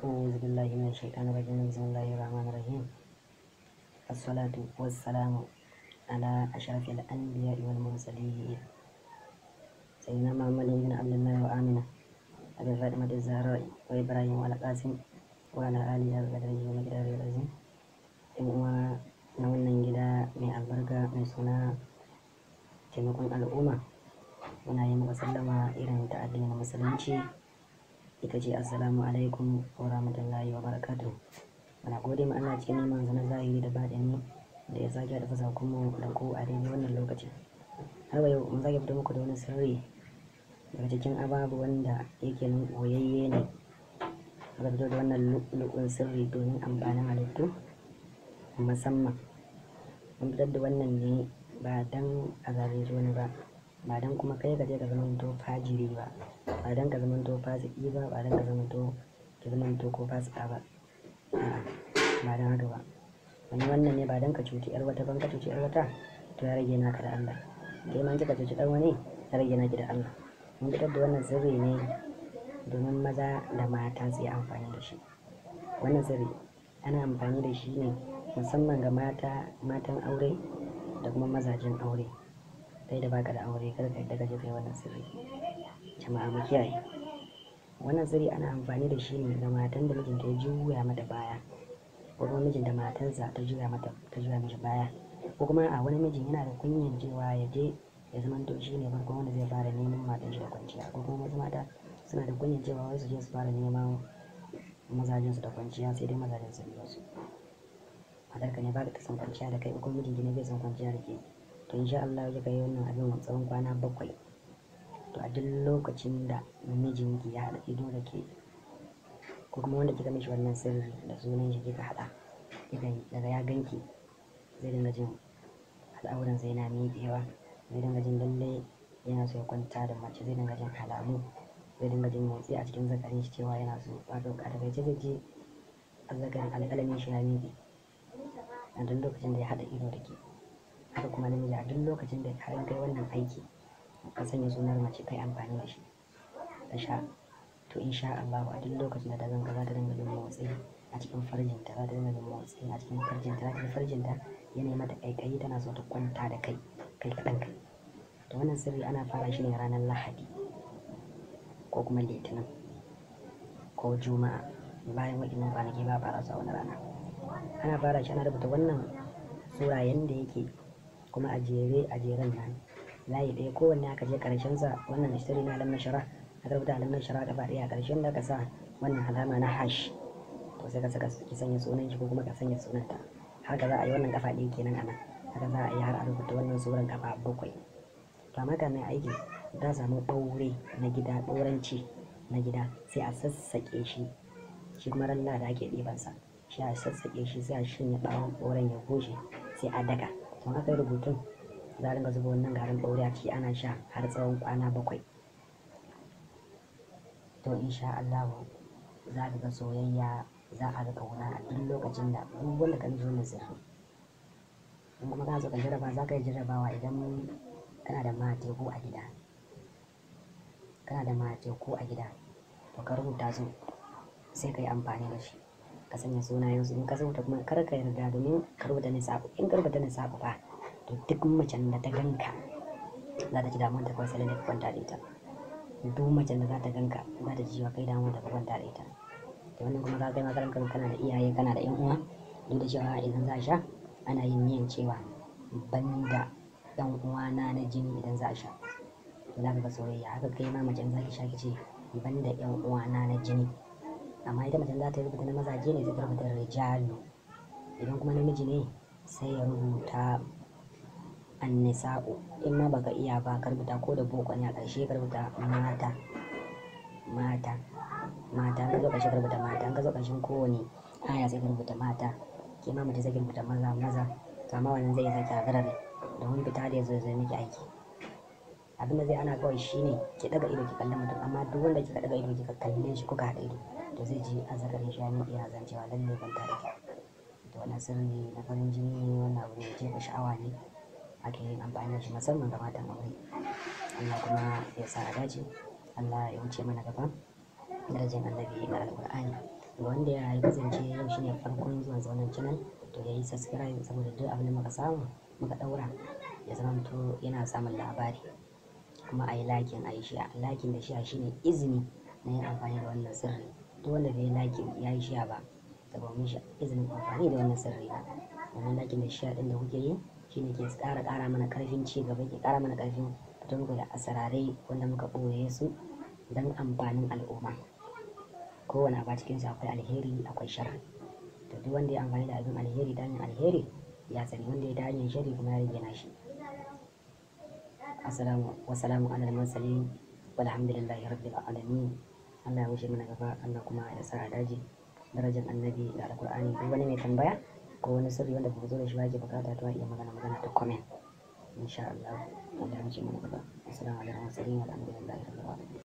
أعوذ بالله من الشيطان الرجيم بسم الله الرحمن الرحيم الصلاة والسلام على أشرف الأنبياء والمرسلين سيدنا محمد بن عبد الله وآمنة أبي فاطمة الزهراء وإبراهيم وعلى قاسم وعلى آله وقدره ومقداره العظيم إن na wannan gida mai albarka mai suna taimakon al'umma muna yi maka sallama irin ta addinin musulunci ita ce assalamu alaikum wa rahmatullahi wa barakatu ana gode ma Allah cikin neman na zahiri da batini da ya sake da fasa kuma da ku a daidai wannan lokacin. har wa yau mun sake fito muku da wani sirri daga cikin ababu wanda yake nan koyayye ne ga fito da wannan lukun sirri domin amfanin halittu musamman mun fitar da wannan ne ba dan a zalunci wani ba ba dan kuma kai ka je ka zamanto fajiri ba ba dan ka zamanto fasiki ba ba dan ka zamanto ka zamanto ko fasika ba ba dan haka ba wani wannan ne ba dan ka cuci yar wata ban ka cuci yar wata to ya rage naka da Allah kai ma kika cuci dan wani ya rage naki da Allah mun fitar da wannan sirri ne domin maza da mata su yi amfani da shi wannan sirri ana amfani da shi ne musamman ga mata matan aure da kuma mazajen aure kai da baka da aure kar ka yadda ka je kai wannan sirri jama'a mu kiyaye wannan sirri ana amfani da shi ne ga matan da mijinta ya juya mata baya ko kuma mijin da matansa ta juya mata ta juya mishi baya ko kuma a wani mijin yana da kunyan cewa ya je ya zama to shi ne farko wanda zai fara neman matan shi da kwanciya ko kuma wasu mata suna da kunyan cewa wai su je su fara neman mazajinsu da kwanciya sai dai mazajinsu mazajensu biyu su ka ne ba ta san kwanciya da kai ko kuma mijinki ne bai san kwanciya da ke to insha Allah kika yi wannan abin a tsawon kwana bakwai to a duk lokacin da mijinki ya haɗa ido da ke ko kuma wanda kika mishi wannan sirri da sunan shi kika haɗa daga ya ganki zai dinga jin al'auran zai na miƙewa zai dinga jin lalle yana so ya kwanta da mace zai dinga jin alamu zai dinga jin motsi a cikin zakarin shi cewa yana so wato a takaice zai je azzakarin alƙalamin shi ya miƙe a duk lokacin da ya haɗa ido da ke haka kuma namiji a duk lokacin da har kai wannan aiki ka sanya sunar mace kai amfani da shi ta sha to in sha Allah a duk lokacin da ta ga za ta dinga jin motsi a cikin farjinta za ta dinga jin motsi a cikin farjinta za ta ji farjinta yanayi mata kaikayi tana so ta kwanta da kai kai kaɗan kai to wannan sirri ana fara shi ne ranar lahadi ko kuma litinin ko juma'a bayan waɗannan kwanaki ba fara sa wani rana ana fara shi ana rubuta wannan sura yanda yake kuma a jere a jeren nan layi ɗaya kowanne aka je ƙarshen sa wannan ishtari na alamar shara aka rubuta alamar shara gaba ɗaya a ƙarshen da ka sa wannan alama na hash to sai ka saka ki sanya sunan shi ko kuma ka sanya sunanta ka za a yi wannan kafa ɗaya kenan a nan haka za a yi har a rubuta wannan suran kafa bakwai to amma mai aiki za samu ɓaure na gida ɓauranci na gida sai a sassaƙe shi shi kuma ran da ake ɗibansa shi a sassaƙe shi sai a shanya ɓawon ɓauren ya bushe sai a daka kuma aka yi rubutun za a ringa zuba wannan garin ɓaure a ciki ana sha har tsawon kwana bakwai to insha Allah za ka ga soyayya za a ga kauna a duk lokacin da duk wanda ka ji wannan zafi in kuma ka zo ka jarraba za ka yi jarrabawa idan kana da mate ko a gida kana da mate ko a gida to ka rubuta su sai ka yi amfani da shi ka sanya sunayen su in ka rubuta kuma kar ka yarda domin ka rubuta sabu in ka rubuta sabu ba to duk macen da ta ganka za ta ji damuwar ta kawai sai da ka kwanta da ita duk macen da za ta ganka za ta ji wa kai damuwar ta ka kwanta da ita to wannan kuma ka kai makaran kan kana da iyaye kana da yan uwa duk da cewa idan za a sha ana yin niyan cewa banda dan uwa na na jini idan za a sha za ka ga soyayya haka kai ma macen za ki sha ki ce banda yan uwa na na jini amma ita macen za ta rubuta na mazaje ne zai ta rubuta rijalu idan kuma namiji ne sai ya rubuta annisa'u in ma baka iya ba ka rubuta ko da boko ne a ƙarshe ka rubuta mata mata mata ka zo ƙarshe ka rubuta mata ka zo ƙarshen kowane aya sai ka rubuta mata ke ma mace sai ka rubuta maza maza to amma wannan zai yi sake hagarar da wani fita da ya zo zo miki aiki abin da zai ana kawai shi ne ki ɗaga ido ki kalli mutum amma duk wanda kika daga ido kika kalle shi kuka haɗa ido to zai ji an zakarin shi ya zancewa ya zan cewa lallai ban tare ki to wannan sirri na farin jini ne wannan abu ne jefa sha'awa ne ake yin amfani da shi musamman ga matan aure Allah kuma ya sa a dace Allah ya wuce mana gaba darajin annabi na alƙur'ani wanda ya kasance yau ne farkon zuwan zaunan canal to ya yi subscribe saboda duk abin da muka samu muka ɗaura ya zama yana samun labari kuma a yi lakin a yi shiya lakin da shiya shine izini na yin amfani da wannan sirri duk wanda bai lakin ya yi shiya ba da ba shi izinin amfani da wannan sirri ba wannan lakin da shiya din da kuke yi shine ke ƙara ƙara mana ƙarfin ci gaba ke ƙara mana ƙarfin fitar da asararai wanda muka ɓoye su don amfanin al'umma kowane ba cikin su akwai alheri akwai sharri to duk wanda ya amfani da abin alheri da alheri ya sani wanda ya ta hanyar shari kuma ya rage nashi wasalamu ala al-mursalin walhamdulillahi rabbil alamin Allah ya wuce mana gaba Allah kuma ya sa daji darajar annabi da alkur'ani duk wani mai tambaya ko wani sirri wanda ba zo da shi ba ke bukata to iya magana magana ta comment insha Allah Allah ya wuce mana gaba assalamu alaikum wa rahmatullahi wa barakatuh